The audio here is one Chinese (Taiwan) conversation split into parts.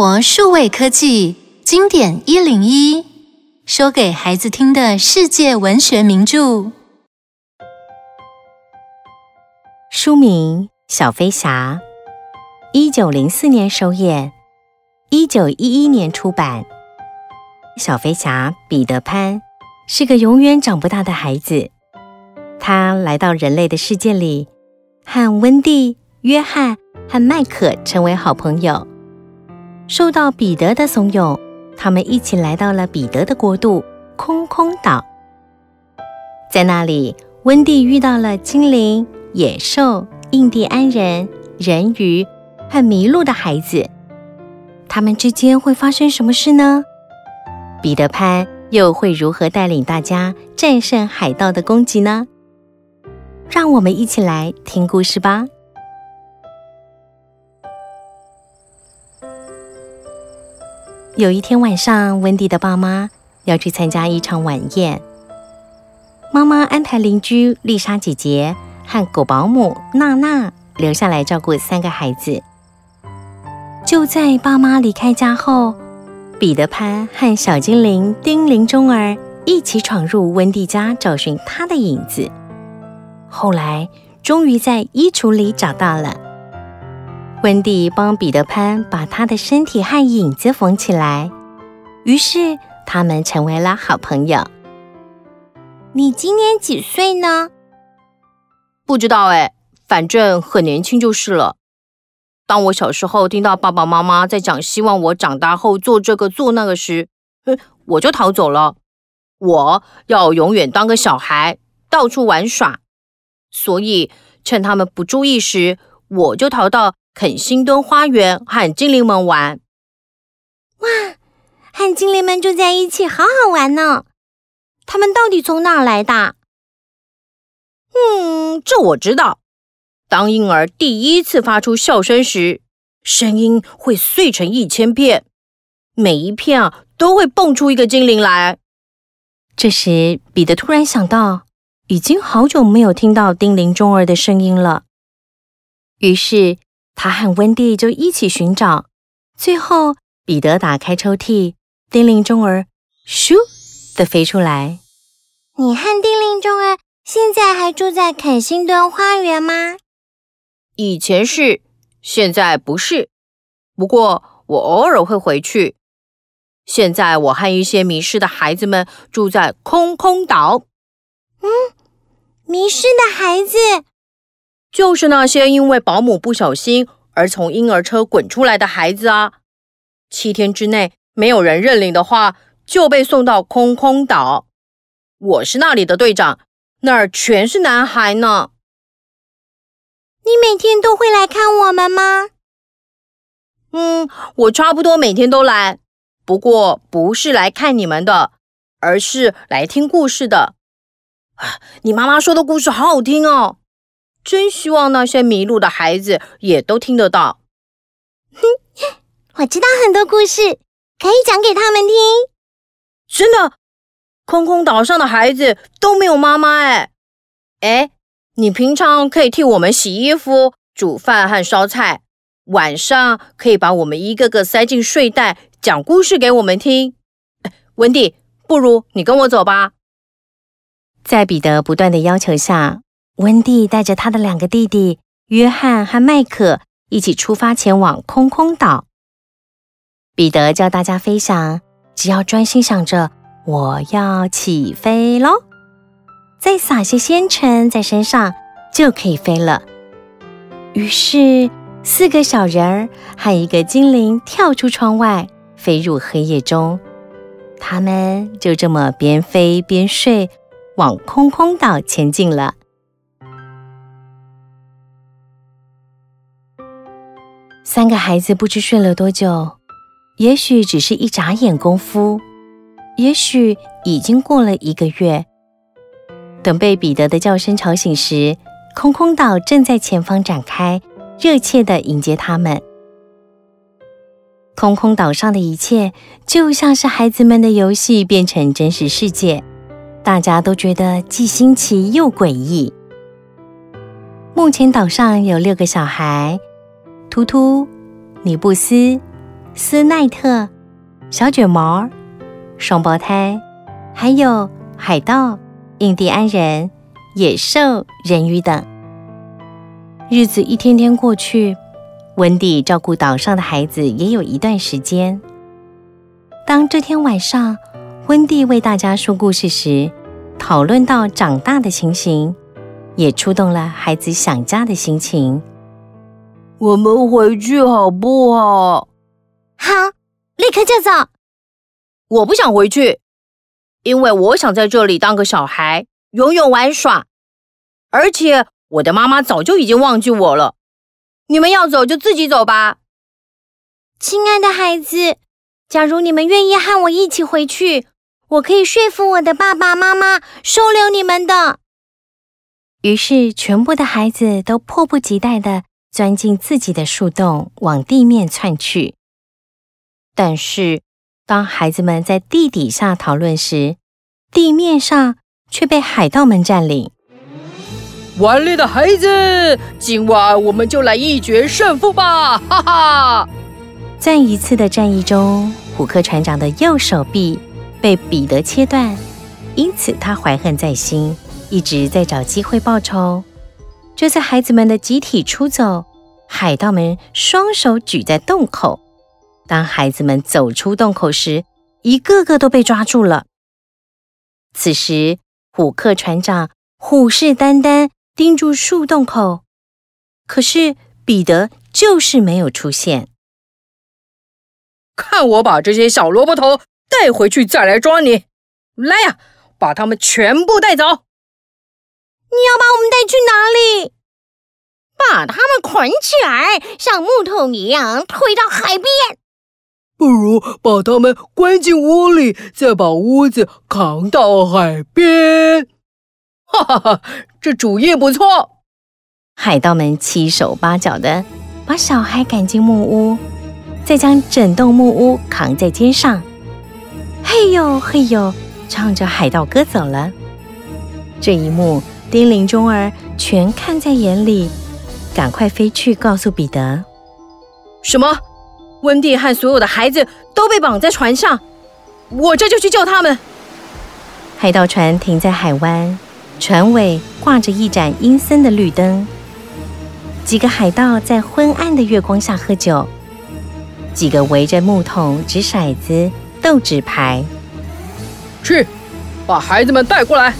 聲活數位科技經典一零一，說給孩子聽的世界文學名著。書名《小飛俠》，一九零四年首演，一九一一年出版。小飛俠彼得潘是個永遠長不大的孩子，他來到人類的世界裡，和溫蒂、約翰和邁克成為好朋友。受到彼得的慫恿，他們一起來到了彼得的國度——空空島。在那裡，溫蒂遇到了精靈、野獸、印第安人、人魚和迷路的孩子。他們之間會發生什麼事呢？彼得潘又會如何帶領大家戰勝海盜的攻擊呢？讓我們一起來聽故事吧。有一天晚上，溫蒂的爸媽要去參加一場晚宴，媽媽安排鄰居麗莎姐姐和狗保姆娜娜留下來照顧三個孩子。就在爸媽離開家後，彼得潘和小精靈丁靈鍾兒一起闖入溫蒂家找尋他的影子，後來終於在衣櫥裡找到了。溫蒂幫彼得潘把他的身體和影子縫起來，於是他們成為了好朋友。你今年幾歲呢？不知道哎，反正很年輕就是了。當我小時候聽到爸爸媽媽在講希望我長大後做這個做那個時，我就逃走了。我要永遠當個小孩，到處玩耍。所以趁他們不注意時，我就逃到。肯辛頓花園和精靈們玩，哇！和精靈們住在一起，好好玩呢。他們到底從哪兒來的？嗯，這我知道。當嬰兒第一次發出笑聲時，聲音會碎成一千片，每一片啊都會蹦出一個精靈來。這時，彼得突然想到，已經好久沒有聽到叮鈴鐘兒的聲音了，於是。他和溫蒂就一起尋找，最後彼得打開抽屜，叮鈴鐘兒，咻，地飛出來。你和叮鈴鐘兒現在還住在肯辛頓花園嗎？以前是，現在不是。不過我偶爾會回去。現在我和一些迷失的孩子們住在空空島。嗯，迷失的孩子。就是那些因為保姆不小心而從嬰兒車滾出來的孩子啊！七天之內沒有人認領的話，就被送到空空島。我是那裡的隊長，那兒全是男孩呢。你每天都會來看我們嗎？嗯，我差不多每天都來，不過不是來看你們的，而是來聽故事的。啊，你媽媽說的故事好好聽哦。真希望那些迷路的孩子也都聽得到。哼，我知道很多故事，可以講給他們聽。真的，空空島上的孩子都沒有媽媽誒。哎，哎，你平常可以替我們洗衣服、煮飯和燒菜，晚上可以把我們一個個塞進睡袋，講故事給我們聽。溫蒂，不如你跟我走吧。在彼得不斷的要求下。溫蒂帶着他的兩個弟弟約翰和邁克一起出發，前往空空島。彼得教大家飛翔，只要專心想着“我要起飛嘍”，再撒些仙塵在身上，就可以飛了。於是，四個小人兒和一個精靈跳出窗外，飛入黑夜中。他們就這麼邊飛邊睡，往空空島前進了。三個孩子不知睡了多久，也許只是一眨眼功夫，也許已經過了一個月。等被彼得的叫聲吵醒時，空空島正在前方展開，熱切地迎接他們。空空島上的一切就像是孩子們的遊戲變成真實世界，大家都覺得既新奇又詭異。目前島上有六個小孩。圖圖、尼布斯、斯奈特、小捲毛、雙胞胎、還有海盜、印第安人、野獸、人魚等。日子一天天過去，溫蒂照顧島上的孩子也有一段時間。當這天晚上，溫蒂為大家說故事時，討論到長大的情形，也觸動了孩子想家的心情。我們回去好不好？好，立刻就走。我不想回去，因為我想在這裡當個小孩，游泳玩耍。而且我的媽媽早就已經忘記我了。你們要走就自己走吧。親愛的孩子，假如你們願意和我一起回去，我可以說服我的爸爸媽媽收留你們的。於是，全部的孩子都迫不及待的。鑽進自己的樹洞，往地面竄去。但是，當孩子們在地底下討論時，地面上卻被海盜們佔領。頑劣的孩子，今晚我們就來一決勝負吧！哈哈。在一次的戰役中，虎克船長的右手臂被彼得切斷，因此他懷恨在心，一直在找機會報仇。就在孩子們的集體出走，海盜們雙手舉在洞口。當孩子們走出洞口時，一個個都被抓住了。此時，虎克船長虎視眈眈，盯住樹洞口。可是，彼得就是沒有出現。看我把這些小蘿蔔頭帶回去，再來抓你！來呀，把他們全部帶走！你要把我們帶去哪裡？把他們捆起來，像木頭一樣推到海邊。不如把他們關進屋裡，再把屋子扛到海邊。哈哈哈，這主意不錯。海盜們七手八腳的把小孩趕進木屋，再將整棟木屋扛在肩上。嘿呦嘿呦，唱着海盜歌走了。這一幕，叮鈴鐘兒全看在眼裡，趕快飛去告訴彼得：什麼？溫蒂和所有的孩子都被綁在船上，我這就去救他們。海盜船停在海灣，船尾掛着一盞陰森的綠燈。幾個海盜在昏暗的月光下喝酒，幾個圍着木桶擲骰子、鬥紙牌。去，把孩子們帶過來。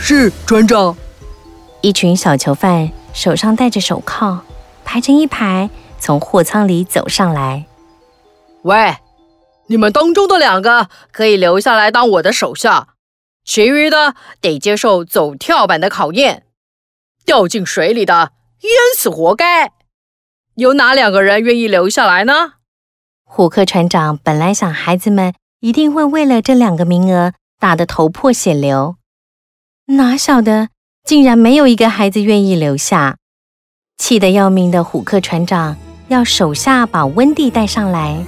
是，船長。一群小囚犯手上戴着手銬，排成一排從貨艙裡走上來。喂，你們當中的兩個可以留下來當我的手下，其餘的得接受走跳板的考驗。掉進水裡的，淹死活該。有哪兩個人願意留下來呢？虎克船長本來想，孩子們一定會為了這兩個名額打得頭破血流。哪曉得，竟然沒有一個孩子願意留下，氣得要命的虎克船長要手下把溫蒂帶上來，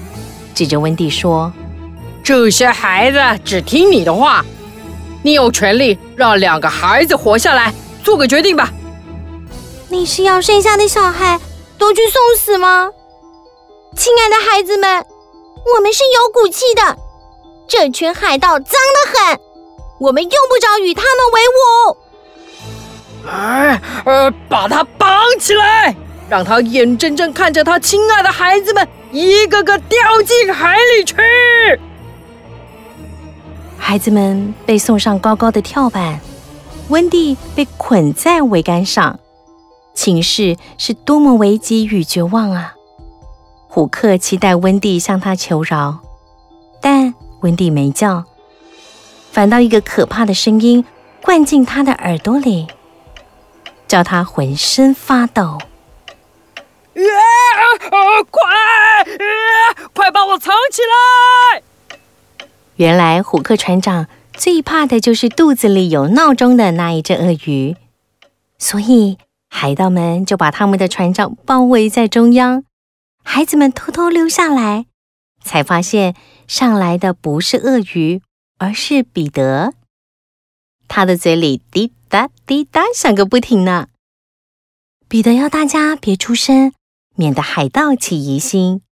指着溫蒂說：“這些孩子只聽你的話，你有權利讓兩個孩子活下來，做個決定吧。”你是要剩下的小孩都去送死嗎？親愛的孩子們，我們是有骨氣的，這群海盜髒得很。我們用不着與他們為伍。哎、啊，呃、啊，把他綁起來，讓他眼睜睜看着他親愛的孩子們一個個掉進海裡去。孩子們被送上高高的跳板，溫蒂被捆在桅杆上。情勢是多麼危急與絕望啊！虎克期待溫蒂向他求饒，但溫蒂沒叫。反倒一個可怕的聲音灌進他的耳朵裡，叫他渾身發抖。呃呃、快、呃，快把我藏起來！原來虎克船長最怕的就是肚子裡有鬧鐘的那一隻鱷魚，所以海盜們就把他們的船長包圍在中央。孩子們偷偷溜下來，才發現上來的不是鱷魚。而是彼得，他的嘴裡滴答滴答響個不停呢。彼得要大家別出聲，免得海盜起疑心。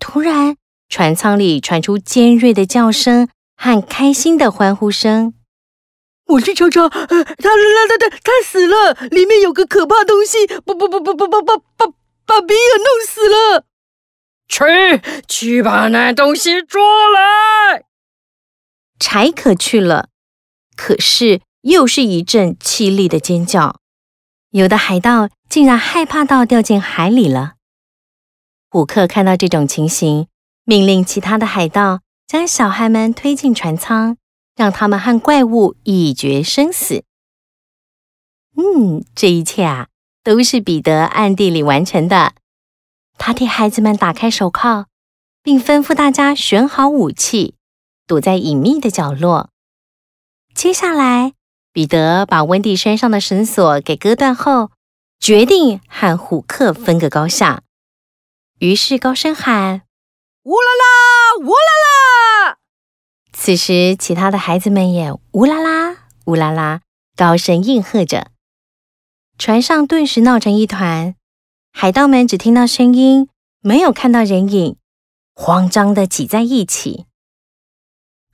突然，船艙裡傳出尖銳的叫聲和開心的歡呼聲。我去瞅瞅，他他他他他死了！裡面有個可怕東西，把把把把把把把把比爾弄死了！去，去把那東西抓來！柴可去了，可是又是一陣淒厲的尖叫。有的海盜竟然害怕到掉進海裡了。虎克看到這種情形，命令其他的海盜將小孩們推進船艙，讓他們和怪物一決生死。嗯，這一切啊，都是彼得暗地裡完成的。他替孩子們打開手銬，並吩咐大家選好武器。躲在隱秘的角落。接下來，彼得把溫蒂身上的繩索給割斷後，決定和虎克分個高下。於是高聲喊：“烏拉拉，烏拉拉！”此時，其他的孩子們也“烏拉拉，烏拉拉”，高聲應和着。船上頓時鬧成一團。海盜們只聽到聲音，沒有看到人影，慌張的擠在一起。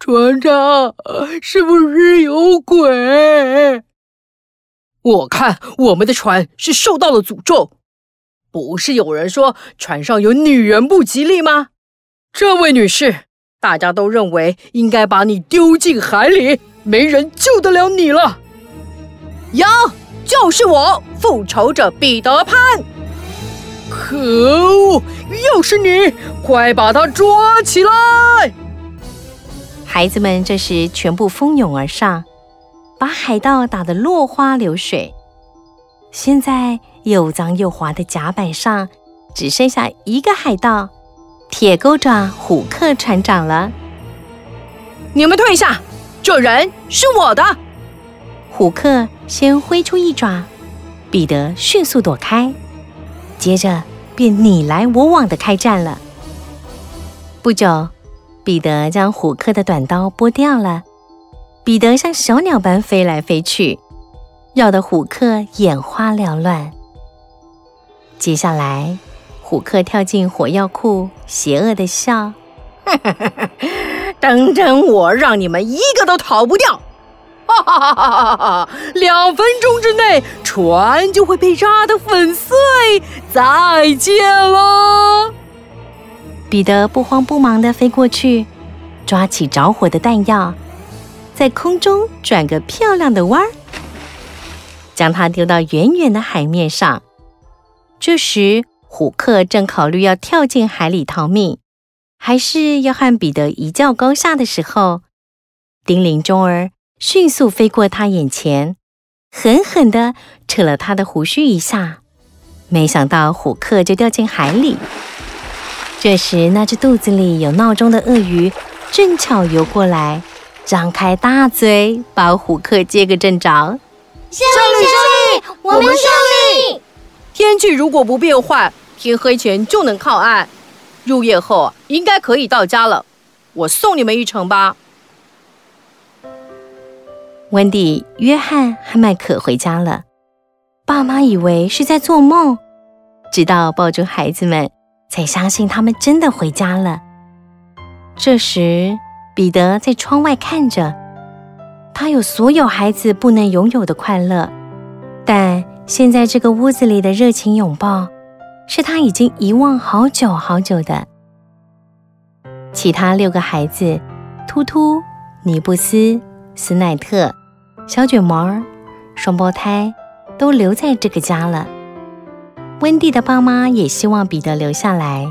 船長，是不是有鬼？我看我們的船是受到了詛咒。不是有人說船上有女人不吉利嗎？這位女士，大家都認為應該把你丟進海裡，沒人救得了你了。呀，就是我，復仇者彼得潘。可惡，又是你！快把他抓起來！孩子們這時全部蜂擁而上，把海盜打得落花流水。現在又髒又滑的甲板上，只剩下一個海盜——鐵鈎爪虎克船長了。你們退下！這人是我的。虎克先揮出一爪，彼得迅速躲開，接着便你來我往的開戰了。不久。彼得將虎克的短刀撥掉了。彼得像小鳥般飛來飛去，繞得虎克眼花繚亂。接下來，虎克跳進火藥庫，邪惡地笑：“哈哈哈哈，等等我，讓你們一個都逃不掉！哈哈哈哈哈！兩分鐘之內，船就會被炸得粉碎，再見了。”彼得不慌不忙地飛過去，抓起着火的彈藥，在空中轉個漂亮的彎兒，將它丟到遠遠的海面上。這時，虎克正考慮要跳進海裡逃命，還是要和彼得一較高下的時候，叮鈴鐘兒迅速飛過他眼前，狠狠地扯了他的鬍鬚一下。沒想到，虎克就掉進海裡。這時，那隻肚子裡有鬧鐘的鱷魚正巧游過來，張開大嘴，把虎克接個正着。勝利，勝利，我們勝利！天氣如果不變壞，天黑前就能靠岸。入夜後應該可以到家了。我送你們一程吧。溫蒂、約翰和麥克回家了，爸媽以為是在做夢，直到抱住孩子們。才相信他們真的回家了。這時，彼得在窗外看着，他有所有孩子不能擁有的快樂，但現在這個屋子裡的熱情擁抱，是他已經遺忘好久好久的。其他六個孩子，突突、尼布斯、斯奈特、小捲毛、雙胞胎，都留在這個家了。溫蒂的爸媽也希望彼得留下來，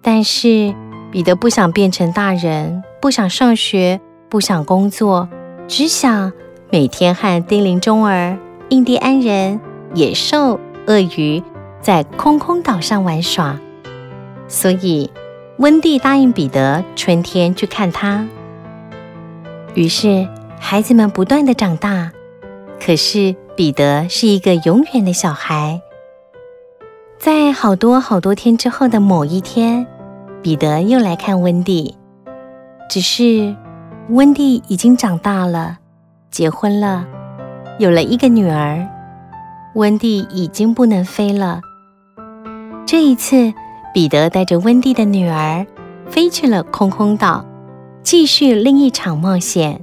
但是彼得不想變成大人，不想上學，不想工作，只想每天和叮鈴鐘兒、印第安人、野獸、鱷魚在空空島上玩耍。所以，溫蒂答應彼得春天去看他。於是，孩子們不斷的長大，可是彼得是一個永遠的小孩。在好多好多天之後的某一天，彼得又來看溫蒂，只是溫蒂已經長大了，結婚了，有了一個女兒。溫蒂已經不能飛了。這一次，彼得帶着溫蒂的女兒飛去了空空島，繼續另一場冒險。